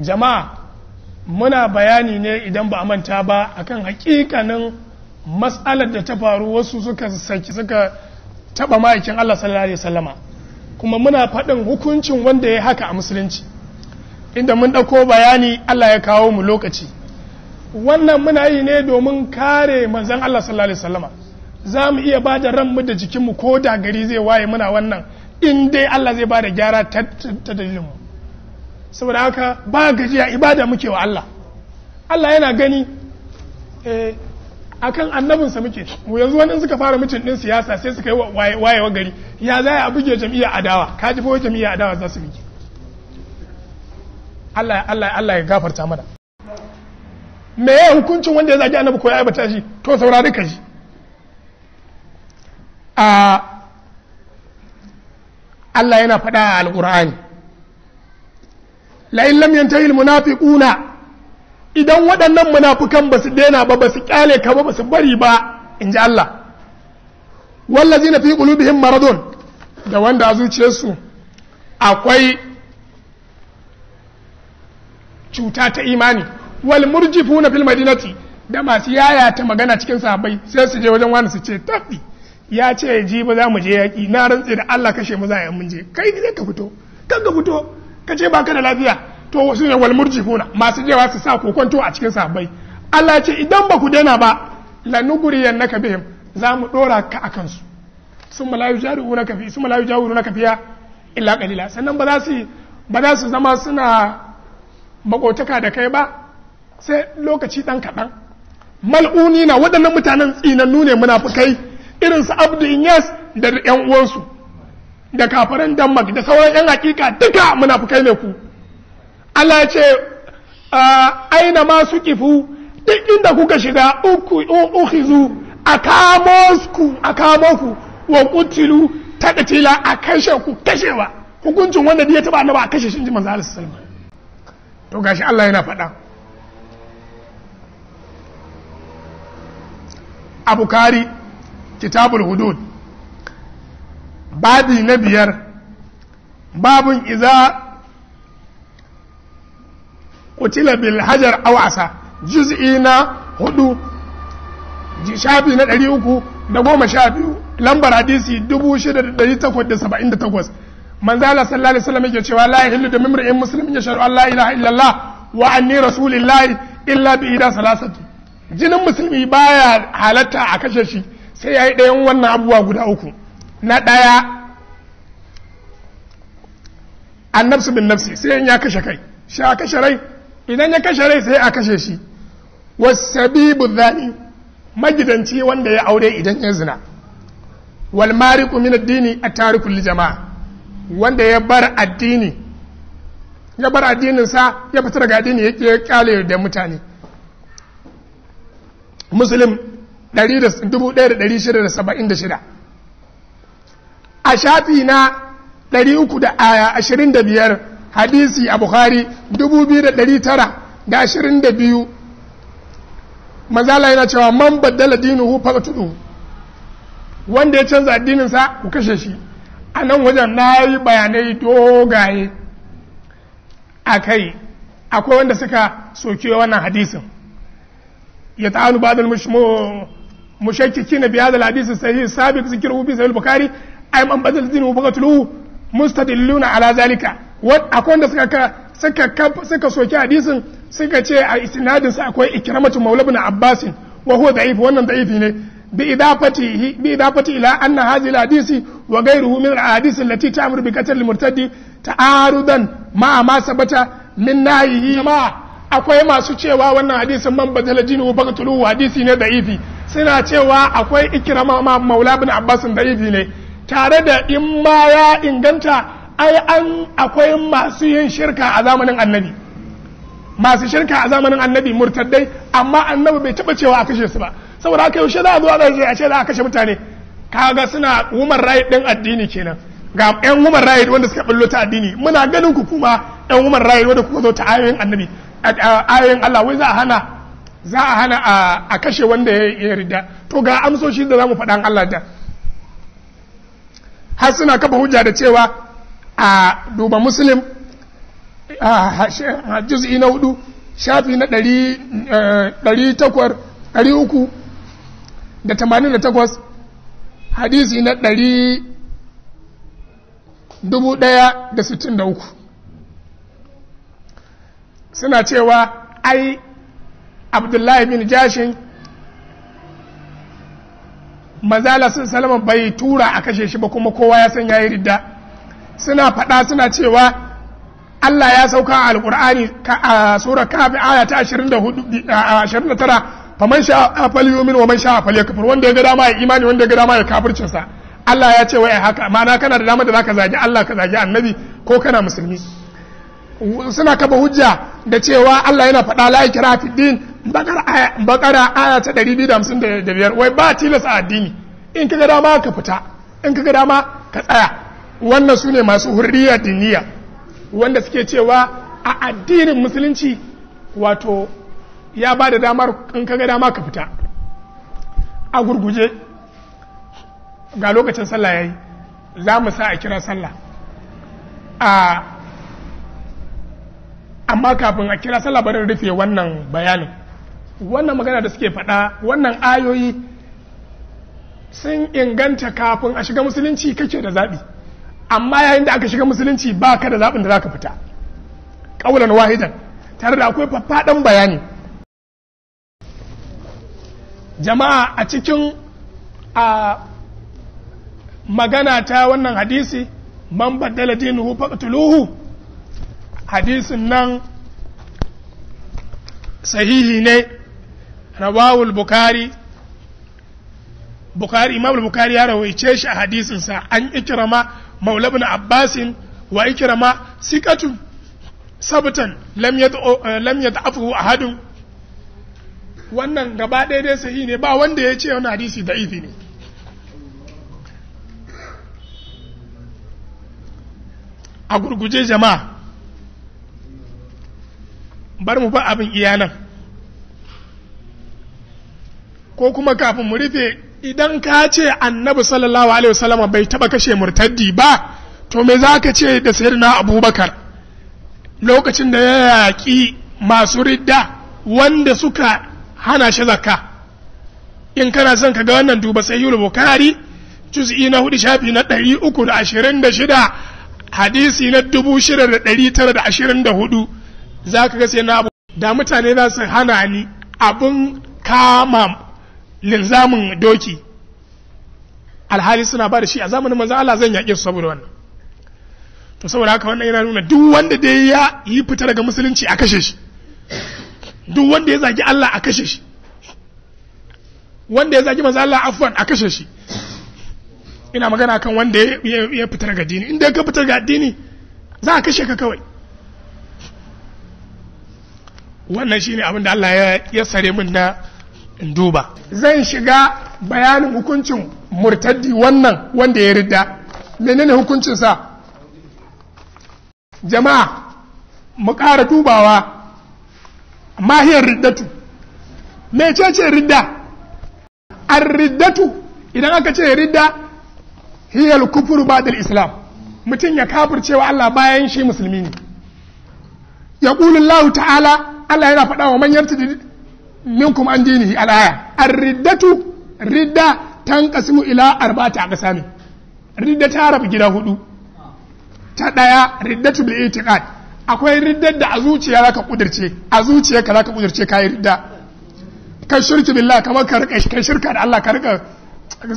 jama'a muna bayani ne idan ba a manta ba akan hakikanin matsalar da ta faru wasu suka saki suka taba ma'aikin Allah sallallahu alaihi wasallama kuma muna faɗin hukuncin wanda ya haka a musulunci inda mun ɗauko bayani Allah ya kawo mu lokaci wannan muna yi ne domin kare manzon Allah sallallahu alaihi wasallama za mu iya ba da ran mu da jikinmu ko da gari zai waye muna wannan in dai Allah zai ba da gyara ta dalilinmu saboda haka ba gajiya ibada muke wa Allah Allah yana gani eh, a kan annabinsa muke mu yanzu wani suka fara mutum din siyasa sai suka yi wayewa gari ya za a buge jam'iyya adawa ka ji fowar jam'iyya adawa za su buge Allah ya gafarta mana me ya hukuncin wanda ya zagi annabi ko ya aibata shi to saurari ka ji ah, Allah yana faɗa a alƙur'ani la'in lam yantahi ƙuna idan waɗannan munafukan ba su daina ba ba su kyale ka ba ba su bari ba in ji Allah wallazina fi qulubihim maradun da wanda a zuciyarsu akwai cuta ta imani wal murjifuna fil madinati da masu yaya ta magana cikin sahabbai sai su je wajen wani su ce tafi ya ce ya ji ba za mu je yaƙi na rantse da Allah kashe mu za a mun je kai ne ka fito kan ka fito ka ce baka da lafiya to wasu ne wal murjifuna masu jewa su sa kokonto a cikin sahabbai Allah ce idan ba ku daina ba lanuguriyannaka bihim za mu dora ka akan su summa la yujarunaka fi summa la yujarunaka fiya illa qalila sannan ba za su ba za su zama suna makotaka da kai ba sai lokaci dan kaɗan mal'uni na waɗannan mutanen tsinannu ne munafukai irinsu abdu inyas da yan uwansu da kafaran denmark da sauran yan hakika duka munafukai ne ku Allah ce aina ma su kifu duk inda kuka shiga uku uhizu a kamo a kamo ku wa kutilu takatila a kashe ku kashewa hukuncin wanda ya taba ba a kashe shi ji manzo alaihi to gashi Allah yana faɗa Abu Kari kitabul hudud babi na biyar babun iza kutila bil hajar awasa juz'i na hudu shafi na ɗari uku da goma sha biyu lambar hadisi dubu shida da ɗari takwas da saba'in da takwas manzala sallallahu alaihi wasallam yake cewa la yahillu da mimri'in muslimin ya sharu Allah ilaha illallah wa anni rasulillahi illa bi ida salasatu jinin musulmi baya halatta a kashe shi sai ya yi ɗayan wannan abubuwa guda uku na ɗaya an nafsu bin nafsi sai ya kashe kai shi a kashe rai idan ya kashe rai sai a kashe shi wasabibu zani magidanci wanda ya aure idan ya zina wal mariqu min addini at-tariku jama'a wanda ya bar addini ya bar addinin sa ya fita daga addini ya kyale da mutane muslim 1,676 a shafi na 325 hadisi a bukhari 2,922 Mazala yana cewa man baddala dinuhu tudu wanda ya canza addininsa ku kashe shi a nan wajen na yi bayanai dogaye a kai akwai wanda suka soke wannan hadisin ya ta'anu ba da mushakkikin bi hadha al-hadith sahih sabiq Buhari fi sahih al-bukhari ay man badal dinu bagatulu mustadilluna ala zalika akwai wanda suka suka suka soki hadisin suka ce a isnadin sa akwai ikramatu maula ibn abbas wa huwa da'if wannan da'ifi ne bi idafati bi idafati ila anna hadhihi al-hadisi wa ghayruhu min al-ahadith allati ta'muru bi qatl al-murtaddi ta'arudan ma ma sabata min akwai masu cewa wannan hadisin man hadisi ne da'ifi suna cewa akwai ikirama ma maula bin abbas yi ne tare da in ma ya inganta ai an akwai masu yin shirka a zamanin annabi masu shirka a zamanin annabi murtaddai amma annabi bai taba cewa a kashe su ba saboda haka yaushe za a zo a a ce za a kashe mutane kaga suna human right din addini kenan ga yan human right wanda suka bullo ta addini muna ganin ku kuma yan human right wanda kuka zo ta ayoyin annabi ayoyin Allah wai za a hana za a hana a kashe wanda ya rida to ga amsoshi da za mu faɗan Allah da har suna kafa hujja da cewa a duba musulun a juz'i na hudu shafi na ɗari eh, takwar ɗari uku da tamanin da takwas hadisi na ɗari dubu ɗaya da sittin da uku suna cewa ai abdullahi bin jashin mazala sun salama bai tura a kashe shi ba kuma kowa ya san yayi ridda suna faɗa suna cewa Allah ya sauka a alƙur'ani a sura kafi aya ta 29 faman sha falyumin wa man sha falyakfur wanda ya ga dama ya imani wanda ya ga dama ya kafircin sa Allah ya ce wai haka mana kana da dama da zaka zagi Allah ka zagi annabi ko kana musulmi suna kaba hujja da cewa Allah yana faɗa la ikra fi din bakara aya ta 255 wai ba tilas a addini in kaga dama ka fita in kaga dama ka tsaya wannan su ne masu hurriya diniya wanda suke cewa a addinin musulunci wato ya ba da damar in kaga dama ka fita a gurguje ga lokacin sallah yayi za mu sa a kira sallah a amma kafin a kira sallah barin rufe wannan bayanin wannan magana da suke faɗa wannan ayoyi sun inganta kafin a shiga musulunci kake da zaɓi amma yayin da aka shiga musulunci ba ka da zaɓin da za ka fita ƙaunar wahidan tare da akwai faffaɗan bayani jama'a a cikin a magana ta wannan hadisi man baddala dinuhu faqtuluhu hadisin nan sahihi ne rawawul bukari bukari bukari ya rawaice shi a hadisinsa an ikirama maula abbasin wa ikirama sikatun sabtan lam a hadin wannan gaba ɗaya dai sahi ne ba wanda ya ce wani hadisi da ne a gurguje jama'a bar mu ba abin iyanan ko kuma kafin mu rufe idan ka ce annabi sallallahu alaihi wasallam bai taba kashe murtaddi ba to me za ka ce da sayyidina abubakar lokacin da ya yaƙi masu ridda wanda suka hana shi zakka in kana son ka ga wannan duba sahihul bukhari juz'i na hudu shafi na ɗari uku da ashirin da shida hadisi na dubu shida da ɗari tara da ashirin da hudu za ka ga sai na abu da mutane za su hana ni Abun kama linzamin doki alhali suna ba da shi a zamanin manzan Allah zan yaƙe su saboda wannan to saboda haka wannan yana nuna duk wanda dai ya yi fita daga musulunci a kashe shi duk wanda ya zagi Allah a kashe shi wanda ya zagi manzan Allah afwan a kashe shi ina magana kan wanda ya fita daga addini inda ka fita daga addini za a kashe ka kawai wannan shine abin da Allah ya sare min na in duba zan shiga bayanin hukuncin murtaddi wannan wanda ya ridda menene sa. jama'a mu ƙara dubawa mahiyar riddatu mecece ridda an riddatu idan aka ce ridda hiyar kufuru ba islam mutum ya kafircewa Allah bayan shi musulmi ne ya ƙulun ta'ala Allah yana faɗa wa manyar minkum an dinihi al'aya ar-riddatu ridda tanqasimu ila arba'ati aqsami ridda ta rabu gida hudu ta ɗaya riddatu bil i'tiqad akwai riddar da a zuciya zaka kudirce a zuciya ka zaka kudirce kai ridda ka shirki billah kamar ka rika kai shirka da Allah ka rika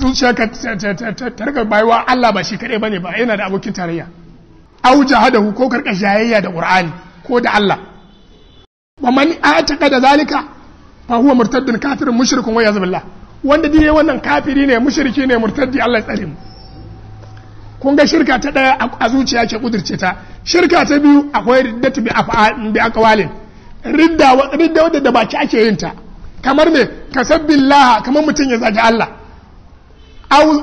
zuciya ka ta rika bayuwa Allah ba shi kadai bane ba yana da abokin tarayya au jahadahu ko karka jayayya da qur'ani ko da Allah wa man a'taqa da zalika fa huwa murtaddin kafirun mushrikun wa yazbillah wanda dai wannan kafiri ne mushriki ne murtaddi Allah ya tsare mu kun ga shirka ta daya a zuciya ke kudirce ta shirka ta biyu akwai riddatu bi afa'in bi aqwalin ridda ridda wadda da baki ake yin ta kamar me kasabbillah kamar mutun ya zagi Allah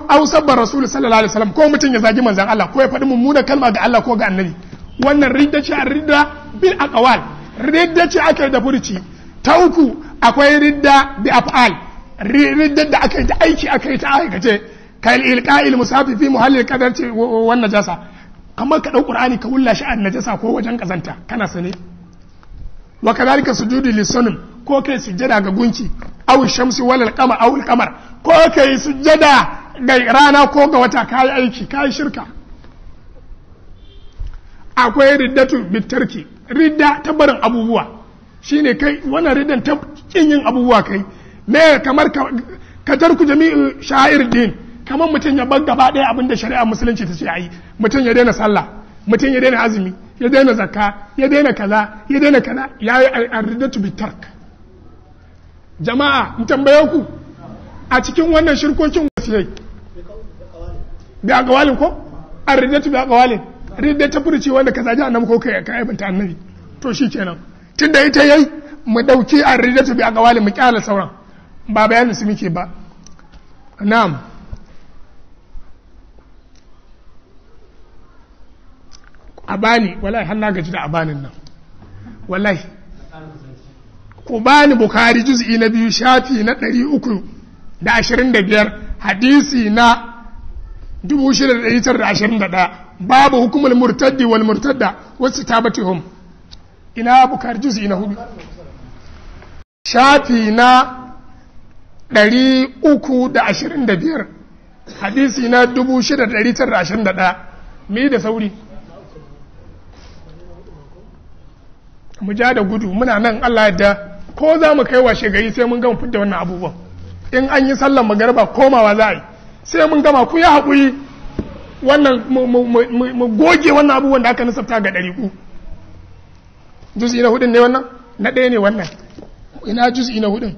Au sabba rasul sallallahu alaihi wasallam ko mutun ya zagi manzon Allah ko ya faɗi mummunar kalma ga Allah ko ga annabi wannan ridda ce ridda bil aqwal ridda ce ake da furuci ta uku akwai ridda bi af'al ridda da aka yi ta aiki aka yi ta aikace kal ilqa'il musafi fi muhallil qadar ce wannan jasa kamar ka dau qur'ani ka wulla shi an najasa ko wajen kazanta kana sane wa sujudi sujudu lisanin ko kai sujjada ga gunki aw shamsi wal qamar aw qamar ko kai sujjada ga rana ko ga wata kai aiki kai shirka akwai riddatu bitarki ridda ta abubuwa shine kai wannan ridan ta kin yin abubuwa kai me kamar ka tarku jami'u sha'ir din kamar mutum ya bar gaba ɗaya abinda shari'a musulunci ta ce ayi mutum ya daina sallah mutum ya daina azumi ya daina zakka ya daina kaza ya daina kaza ya yi arridatu bi tark jama'a in tambaye ku a cikin wannan shirkokin wasu ne bi a gawalin ko arridatu bi a gawalin ridda ta furuci wanda kaza ji annabi ko kai ka aibanta annabi to shi kenan tun da ita yai mu ɗauki a ridatu bi a gawali mu kyala sauran ba bayanin su muke ba na'am abani wallahi har na gaji da abanin nan wallahi ku bani bukari juz'i na biyu shafi na ɗari uku da ashirin da biyar hadisi na dubu shida da ɗari da ashirin da ɗaya babu hukumar murtaddi wal murtadda wasu tabatuhum ina bukar juzi na hudu shafi na 325 hadisi na 6921 mu da sauri mu ja da gudu muna nan Allah da ko za mu kai washe gari sai mun gama fidda wannan abubuwan in an yi sallan magarba komawa za a yi sai mun gama ku ya haƙuri wannan mu goge wannan abubuwan da aka nasabta ga ɗariƙu juz'i na hudun ne wannan na ɗaya ne wannan ina juz'i na hudun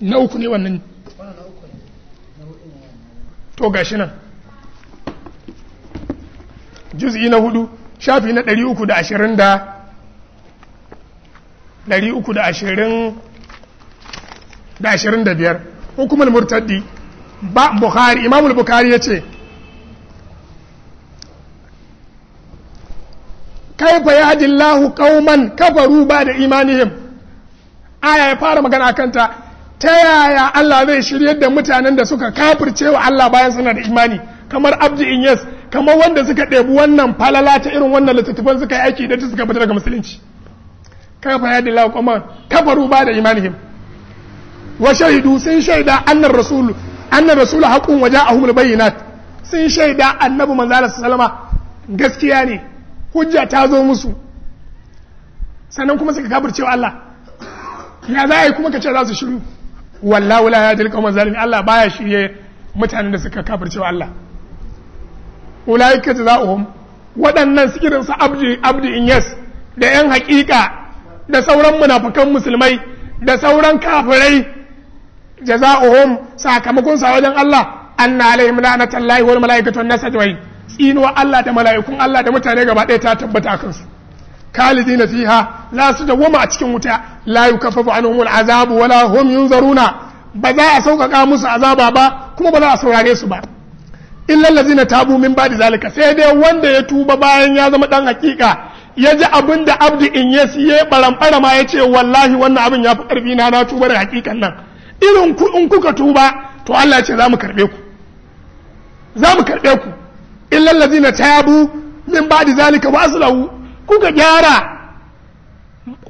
na uku ne wannan to ga shi nan juz'i na hudu shafi na ɗari uku da ashirin ashirin ashirin da, da da da ɗari uku biyar. hukumar murtaddi ba bukhari imamul bukhari ya ce kaifa yahdillahu qauman kafaru ba da imanihim aya ya fara magana kanta ta yaya Allah zai shiryar da mutanen da suka kafirce cewa Allah bayan suna da imani kamar abdi inyas kamar wanda suka ɗebi wannan falala ta irin wannan littattafan suka yi aiki da ta suka fita daga musulunci kaifa yahdillahu qauman kafaru ba da imanihim wa shahidu sun shaida annar rasulu annar rasulu waje a waja'ahumul bayyinat sun shaida annabi manzo Allah salama. gaskiya ne hujja ta zo musu sannan kuma suka cewa Allah ya za a yi kuma ka ce za su shiru wallahu la yahdil qawma zalimin Allah baya shirye mutanen da suka cewa Allah ulaika jazaohum waɗannan su irin su abdi abdi in yes da yan haƙiƙa da sauran munafukan musulmai da sauran kafirai jaza'uhum sakamakon sa wajen Allah anna alaihim la'natullahi wal malaikatu wan tsinuwa Allah da mala'ikun Allah da mutane gaba ɗaya ta tabbata a kansu fi ha, la su dawwama a cikin wuta la yukaffafu anhum azabu wala hum yunzaruna ba za a sauƙaƙa musu azaba ba kuma ba za a saurare su ba In illal ta tabu min da zalika sai dai wanda ya tuba bayan ya zama ɗan hakika ya ji abin da abdi in ya siye baramfara ma ya ce wallahi wannan abin ya fi ƙarfi na na tuba da hakikan nan irin ku in kuka tuba to Allah ya ce za mu karɓe ku za mu karɓe ku illal ladina tabu min ba'di zalika wa kuka gyara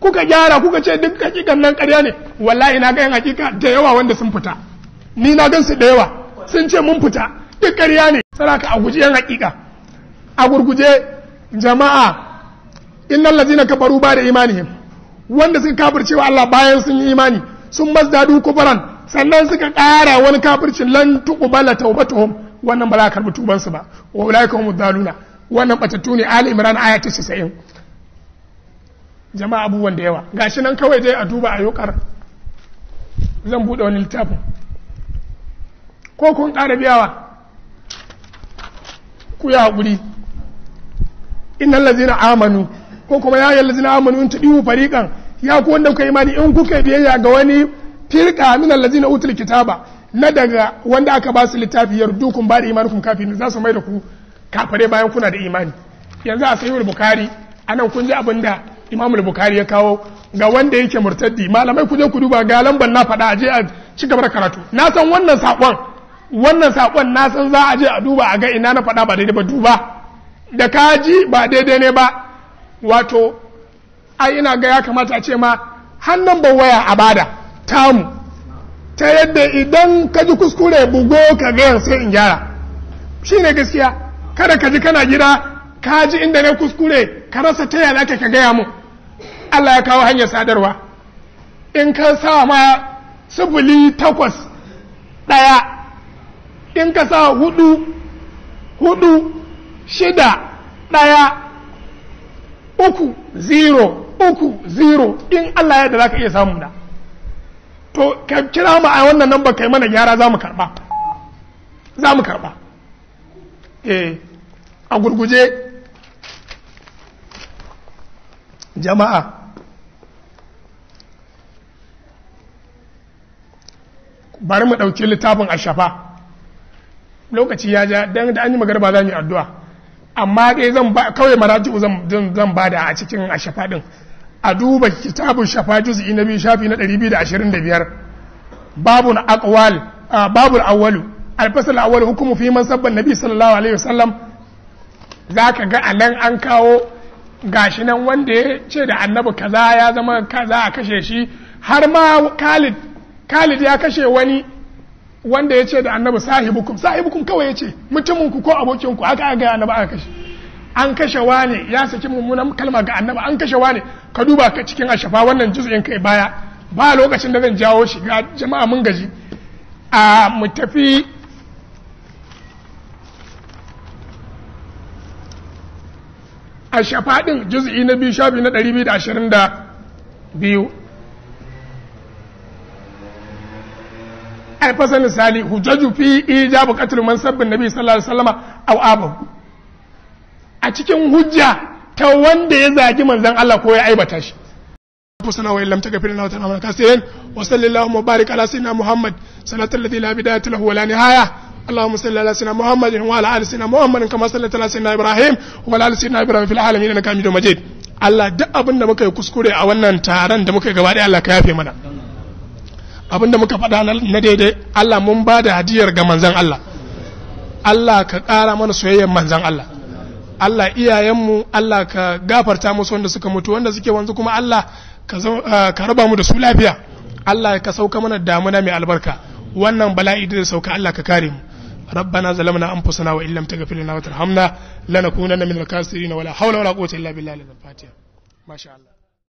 kuka gyara kuka ce duk hakikan nan ƙarya ne wallahi na ga yan hakika da yawa wanda sun fita ni na gan su da yawa sun ce mun fita duk ƙarya ne saraka a guji yan hakika a gurguje jama'a innal ladina kafaru ba da imani wanda suka kafircewa Allah bayan sun yi imani sun mazdadu kufaran sannan suka ƙara wani kafircin lan tuqbala tawbatuhum wannan ba za a karɓi tubansu ba wa ulaika humu daluna wannan batattu ne ali imran aya ta 90 jama'a abubuwan da yawa gashi nan kawai dai a duba a yukar zan buɗe wani littafin ko kun ƙara biyawa ku ya haƙuri innan lazina amanu ko kuma ya yi lazina amanu in tuɗi fariƙan ya ku wanda kuka imani in kuka biyayya ga wani firka minan lazina utul kitaba na daga wanda aka ba su littafi yardukun ba da imanukum kafin za su mai da ku kafare bayan kuna da imani yanzu a sayi bukari anan kun ji abin da imamul bukari ya kawo ga wanda yake murtaddi malamai kuje ku duba ga lamban na fada a a ci gaba da karatu na san wannan saƙon wannan sakon na san za a je a duba a ga ina na fada ba daidai ba duba da kaji ba daidai ne ba wato ai ina ga ya kamata a ce ma hannun ba waya a bada tamu ta yadda idan ka ji kuskure bugo ka gaya sai in gyara shi ne gaskiya kada ka ji kana gida ka ji inda na kuskure ka rasa ta yaya zaka ka gaya mu Allah ya kawo hanyar sadarwa in ka sa ma sifili takwas ɗaya in ka sa hudu hudu shida ɗaya uku zero uku zero in Allah ya da za iya samu da to ka kira mu a wannan namba kai mana gyara za mu karba za mu karba eh a gurguje jama'a bari mu ɗauki littafin ashafa lokaci ya ja don da an yi ba za mu yi addu'a amma dai zan ba kawai maraji zan ba da a cikin ashafa ɗin a duba kitabun shafa juz'i na biyu shafi na 225 babun aqwal babul awwalu alfasal awwal hukumu fi man sabban nabi sallallahu alaihi wasallam zaka ga anan an kawo gashi nan wanda ya ce da annabi kaza ya zama kaza a kashe shi har ma Khalid Khalid ya kashe wani wanda ya ce da annabi sahibukum sahibukum kawai ya ce mutumin ku ko abokin ku aka ga annabi aka kashe an kashe wane ya saki mummunan kalma ga annaba an kashe wane ka duba ka cikin ashafa wannan juz'in kai baya ba lokacin da zan jawo shi ga jama'a mun gaji a mu tafi ashafa din juz'i na biyu shafi na biyu ai fasa misali hujjaju fi ijabu qatl man sabbin nabi sallallahu alaihi wasallam aw abahu a cikin hujja ta wanda ya zagi manzon Allah ko ya aibata shi أنفسنا وإن لم تغفر لنا وترحمنا كاسرين وصل اللهم وبارك على سيدنا محمد صلاة الذي لا بداية له ولا نهاية اللهم صل على سيدنا محمد وعلى آل سيدنا محمد كما صليت على سيدنا إبراهيم وعلى آل سيدنا إبراهيم في العالمين إنك حميد مجيد Allah دا abin da muka yi kuskure a wannan taron da muka gaba Allah ka yafe mana abin da muka faɗa na daidai Allah mun ba da hadiyar ga manzan Allah Allah ka ƙara mana soyayyar manzan Allah Allah iyayenmu Allah ka gafarta musu wanda suka mutu wanda suke wanzu kuma Allah ah, ka raba mu da su lafiya Allah ka sauka mana damuna mai albarka wannan bala'i da sauka Allah ka kare mu ربنا ظلمنا انفسنا وان لم تغفر لنا وترحمنا لنكونن من الخاسرين ولا حول ولا قوه الا بالله الفاتحه ما شاء الله